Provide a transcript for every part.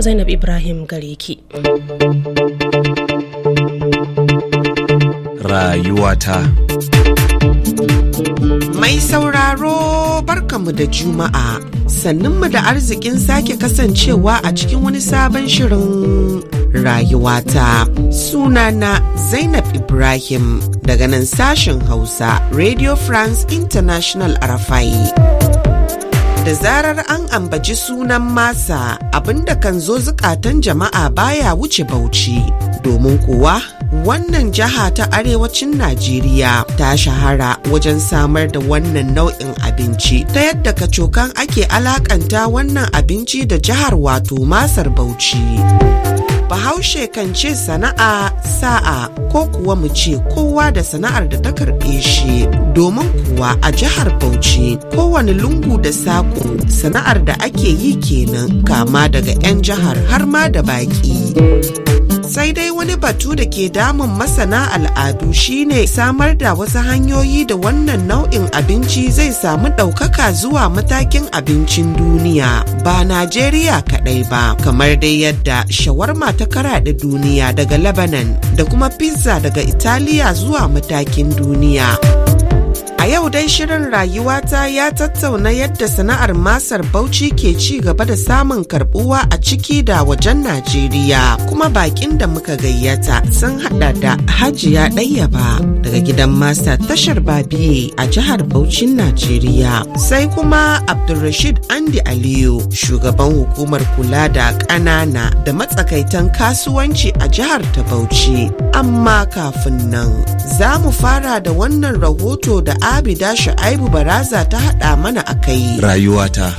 yau Zainab Ibrahim gare Rayuwata. Mai sauraro mu da Juma'a, mu da arzikin sake kasancewa a cikin wani sabon shirin rayuwata. Sunana Zainab Ibrahim daga nan sashen Hausa, Radio France International Arafai. da zarar an ambaci sunan masa abinda kan zo zukatan jama'a baya wuce bauchi domin kuwa wannan jiha ta arewacin najeriya ta shahara wajen samar da wannan nau'in abinci ta yadda kacokan ake alakanta wannan abinci da jihar wato masar bauchi. Bahaushe kan ce sana'a sa'a ko kuwa mu ce kowa da sana'ar da ta karɓe shi domin kuwa a jihar Bauchi kowane lungu da saƙo sana'ar da ake yi kenan kama daga 'yan jihar har ma da baƙi. sai dai wani batu da ke damun masana al'adu shine samar da wasu hanyoyi da wannan nau'in abinci zai samu ɗaukaka zuwa matakin abincin duniya ba najeriya kaɗai ba kamar dai yadda shawarma ta karaɗe duniya daga lebanon da kuma pizza daga italiya zuwa matakin duniya. A yau dai shirin rayuwata ya tattauna yadda sana'ar masar Bauchi ke ci gaba da samun karbuwa a ciki da wajen Najeriya. Kuma bakin da muka gayyata sun hada da Hajiya ba" daga gidan masa tashar Babiye a jihar Bauchin Najeriya. Sai kuma Abdulrashid Andi Aliyu, shugaban hukumar kula da ƙanana da matsakaitan kasuwanci a jihar ta Bauchi. Amma kafin nan za mu fara da wannan rahoto da abida shu'aibu baraza ta haɗa mana a kai rayuwata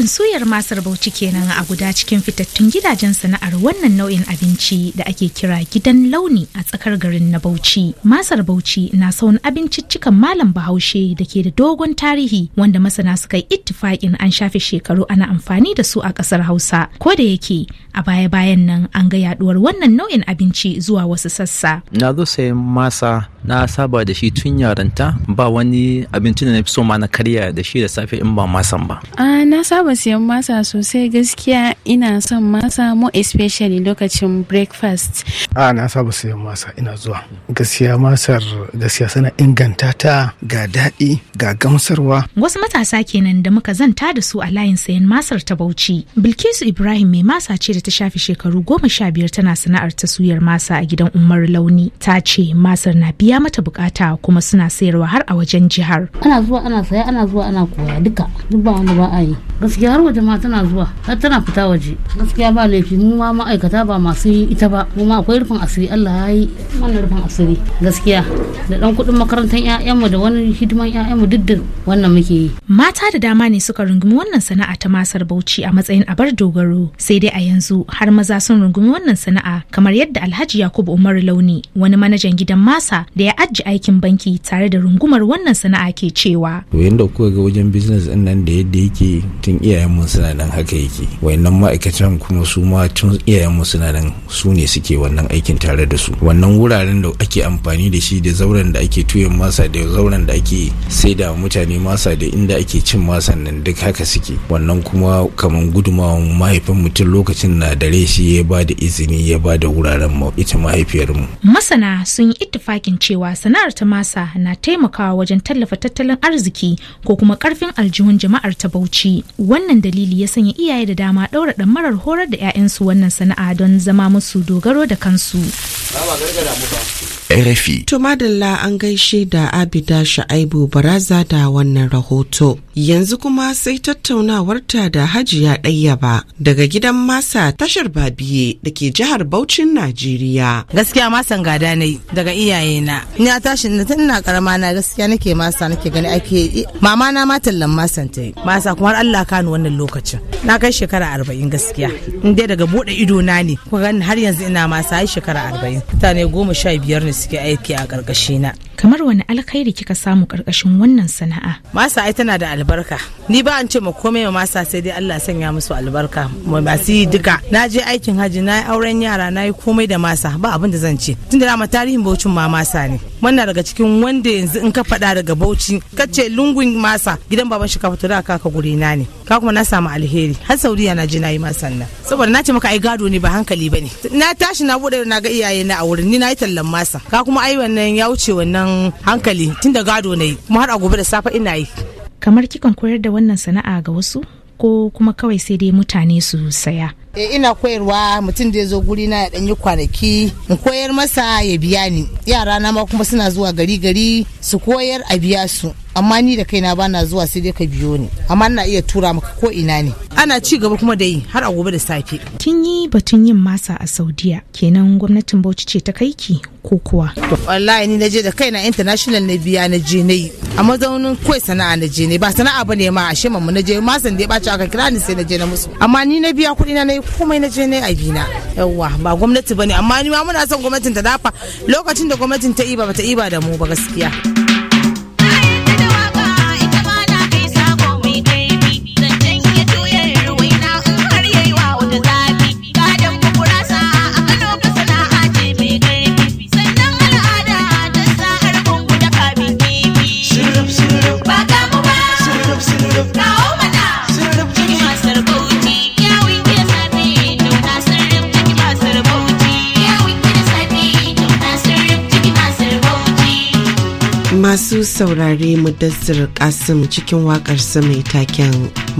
Likitan suyar masar Bauchi kenan a guda cikin fitattun gidajen sana'ar wannan nau'in abinci da ake kira gidan launi a tsakar garin na Bauchi. Masar Bauchi na saun abinciccikan malam Bahaushe da ke da dogon tarihi wanda masana suka yi ittifaƙin an shafe shekaru ana amfani da su a ƙasar Hausa. Ko da yake a baya-bayan nan an ga yaduwar wannan nau'in abinci zuwa wasu sassa. Na zo sayan masa na saba da shi tun yaranta ba wani abinci da na fi so ma na karya da shi da safe in ba masan ba. Ah, na saba saba siyan masa sosai gaskiya ina son masa mu especially lokacin breakfast. A na saba siyan masa ina zuwa. Gaskiya masar gaskiya sana inganta ta ga daɗi ga gamsarwa. Wasu matasa kenan da muka zanta da su a layin sayan masar ta Bauchi. Bilkisu Ibrahim mai masa ce da ta shafe shekaru goma sha biyar tana sana'ar ta suyar masa a gidan Umar Launi. Ta ce masar na biya mata bukata kuma suna sayarwa har a wajen jihar. Ana zuwa ana saya ana zuwa ana koya duka duk ba wanda ba a yi. gaskiya har waje ma tana zuwa har tana fita waje gaskiya ba laifi mu ma ma'aikata ba masu yi ita ba kuma akwai rufin asiri Allah ya yi mana rufin asiri gaskiya da dan kudin makarantar ƴaƴanmu da wani hidiman ƴaƴanmu duk da wannan muke yi mata da dama ne suka rungumi wannan sana'a ta masar bauchi a matsayin abar dogaro sai dai a yanzu har maza sun rungumi wannan sana'a kamar yadda Alhaji Yakubu Umar Launi wani manajan gidan masa da ya ajiye aikin banki tare da rungumar wannan sana'a ke cewa to yanda kuka ga wajen business din nan da yadda yake tun iyayenmu suna nan haka yake wayannan ma'aikatan kuma su ma tun iyayenmu suna nan su ne suke wannan aikin tare da su wannan wuraren da ake amfani da shi da zauren da ake tuyin masa da zauren da ake sai da mutane masa da inda ake cin masa nan duk haka suke wannan kuma kamar gudumawan mahaifin mutum lokacin na dare shi ya ba da izini ya ba da wuraren ma ita mahaifiyarmu. masana sun yi ittifakin cewa sana'ar ta masa na taimakawa wajen tallafa tattalin arziki ko kuma karfin aljihun jama'ar ta bauchi wannan dalili ya sanya iyaye da dama ɗaura ɗamarar horar da 'ya'yansu wannan sana'a don zama musu dogaro da kansu. RFI. To madalla an gaishe da Abida Sha'aibu Baraza da wannan rahoto. Yanzu kuma sai tattaunawar ta da Hajiya Ɗayyaba daga gidan Masa tashar Babiye da ke jihar Bauchin Najeriya. Gaskiya masan gada ne daga iyayena. Ni a tashi na tun ina karama na gaskiya nake masa nake gani ake mama na ma tallan masan ta Masa kuma Allah kanu wannan lokacin. Na kai shekara arba'in gaskiya. In dai daga buɗe ido na ne. Kuma har yanzu ina masa ai shekara arba'in. Mutane goma sha biyar ne suke aiki a ƙarƙashina kamar wani alkhairi kika samu karkashin wannan sana'a masa ai tana da albarka ni ba an ce ma komai ma masa sai dai Allah sanya musu albarka masu yi duka na je aikin haji na yi auren yara na yi komai da masa ba abin da zan ce tunda ma tarihin baucin ma masa ne Wannan daga cikin wanda yanzu in ka fada daga bauchi ka ce lungun masa gidan baban shi ka fito da kaka guri na ne ka kuma na samu alheri har saudiya na je na yi masa nan saboda na ce maka ai gado ne ba hankali ba ne na tashi na buɗe na ga iyaye na a wurin ni na yi tallan masa ka kuma ai wannan ya wuce wannan kwanciyar hankali tun da gado na yi kuma har a gobe da safe ina yi kamar kikan koyar da wannan sana'a ga wasu ko kuma kawai sai dai mutane su saya e, ina koyarwa mutum da ya zo guri na dan yi kwanaki in koyar masa ya biya ni yara na ma kuma suna zuwa gari gari su koyar a biya su amma ni da kaina bana zuwa sai dai ka biyo ni amma ina iya tura maka ko ina ne ana ci gaba kuma da yi har a gobe da safe kin yi batun yin masa a saudiya kenan gwamnatin bauchi ce ta kai ko kuwa wallahi ni naje da kaina international na biya na je ne a mazaunin koi sana'a na je ne ba sana'a bane ma a shema mu na je masan da ya baci aka kira ni sai na je na musu amma ni na biya kuɗi na nayi komai na je a bina yawa ba gwamnati bane amma ni ma muna son gwamnatin ta dafa lokacin da gwamnatin ta iba ba ta iba da mu ba gaskiya Masu saurare Mudassir Kasim cikin waƙar mai taken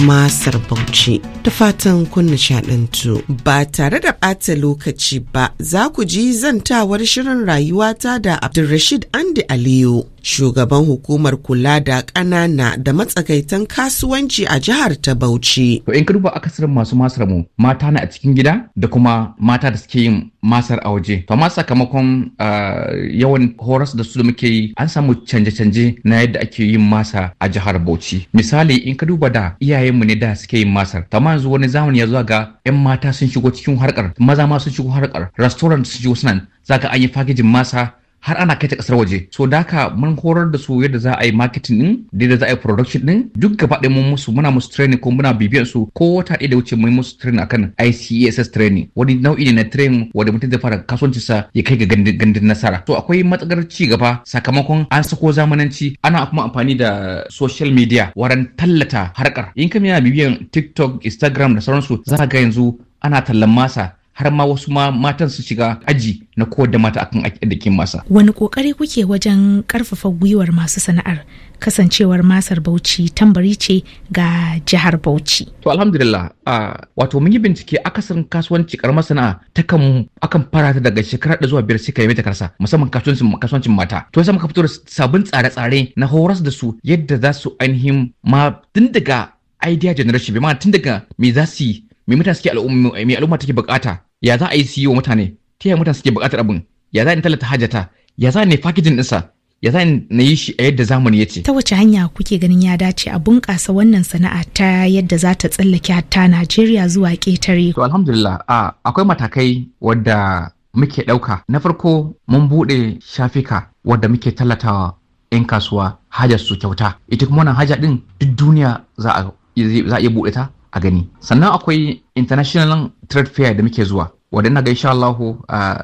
Masar Bauchi ta fatan kunna shaɗantu. Ba tare da ɓata lokaci ba za ku ji zantawar shirin rayuwata da Abdulrashid Andi Aliyu. Shugaban hukumar kula da ƙanana da matsakaitan kasuwanci a jihar ta Bauchi. To in ka duba akasarin masu masarmu mata na a cikin gida da kuma mata da suke yin masar a waje to amma sakamakon ah, yawan horas da su da muke yi an samu canje-canje na yadda ake yin masa a jihar bauchi misali in ka duba da iyayenmu ne da suke yin masar to amma yanzu wani zamani ya zuwa ga 'yan mata sun shigo cikin harkar maza ma sun shigo harkar restaurant sun shigo sunan zaka an yi fagijin masa har ana kai ta kasar waje so da haka mun horar da su yadda za a yi marketing din yadda za a yi production din duk gaba ɗaya mun musu muna musu training ko muna bibiyar su ko wata ɗaya da wuce mun musu training akan ICESS training wani nau'i ne na training wanda mutum zai fara kasuwancin sa ya kai ga gandun nasara to akwai matsalar ci gaba sakamakon an sako zamananci ana kuma amfani da social media waran tallata harkar in ka bibiyan TikTok Instagram da sauransu za ga yanzu ana tallan masa har ma wasu ma matan su shiga aji na koda da mata akan dakin masa. Wani kokari kuke wajen karfafa gwiwar masu sana'ar kasancewar masar Bauchi tambari ce ga jihar Bauchi. To alhamdulillah uh, wato mun yi bincike akasarin kasuwanci karamar sana'a kan akan fara ta daga shekara da zuwa biyar sai ka yi mata karsa musamman kasuwancin kasuwancin mata. To sai muka fito da sabbin tsare-tsare na horas da su yadda za su ainihin ma tun daga idea generation bi ma tun daga me za su yi me mutane suke al'umma take bukata ya za a yi siyo mutane ta yaya mutane suke buƙatar abin ya za ni talata hajata ya za ne fakijin ɗinsa ya za na yi shi a yadda zamani ya ce. Ta wace hanya kuke ganin ya dace a bunƙasa wannan sana'a ta yadda za ta tsallake hatta Najeriya zuwa ƙetare? To alhamdulillah akwai matakai wadda muke ɗauka. Na farko mun buɗe shafika wadda muke tallatawa 'yan kasuwa hajar su kyauta. Ita kuma wannan haja ɗin duk duniya za a iya buɗe ta a gani sannan akwai international trade fair da muke zuwa waɗanda ga insha Allahu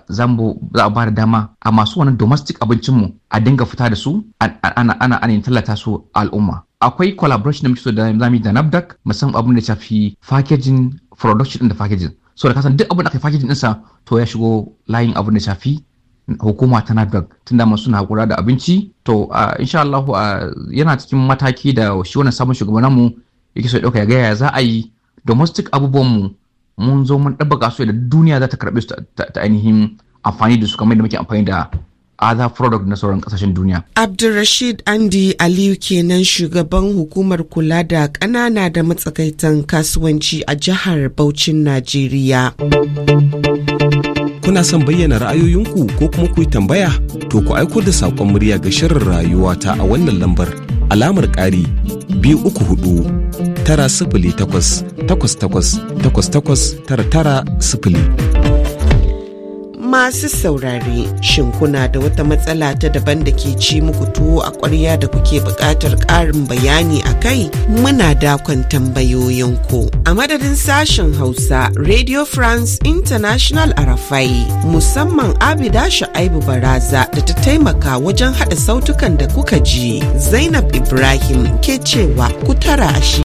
za a ba da dama a masu wani domestic abincinmu a dinga fita da su ana ana tallata su al'umma akwai collaboration da muke so da zamu da NAFDAC musamman abin da shafi packaging production da packaging so da kasan duk abin da aka packaging ɗinsa to ya shigo layin abin da shafi hukuma ta NAFDAC tunda masu suna hakura da abinci to insha Allahu yana cikin mataki da shi wannan sabon shugabanninmu yake so ya ɗauka ya gaya za a yi domestic abubuwanmu mun zo mun ɗabbaka su da duniya za ta karɓe su ta ainihin amfani da su kamar da muke amfani da other product na sauran kasashen duniya. Abdulrashid Andi Aliyu kenan shugaban hukumar kula da ƙanana da matsakaitan kasuwanci a jihar Bauchin Najeriya. Kuna son bayyana ra'ayoyinku ko kuma ku tambaya? To ku aiko da saƙon murya ga shirin rayuwa ta a wannan lambar alamar ƙari biyu uku hudu tara sifili takwas takwas takwas takwas takwas tara tara sifili. Masu saurare, shin kuna da wata matsala ta daban da ke ci muku tuwo a ƙwarya da kuke buƙatar ƙarin bayani a kai? Muna dakon tambayoyinku. A madadin sashen Hausa, Radio France International a Rafai, musamman Abida Sha'aibu Baraza da ta taimaka wajen haɗa sautukan da kuka ji. Zainab Ibrahim ke cewa ku tara shi.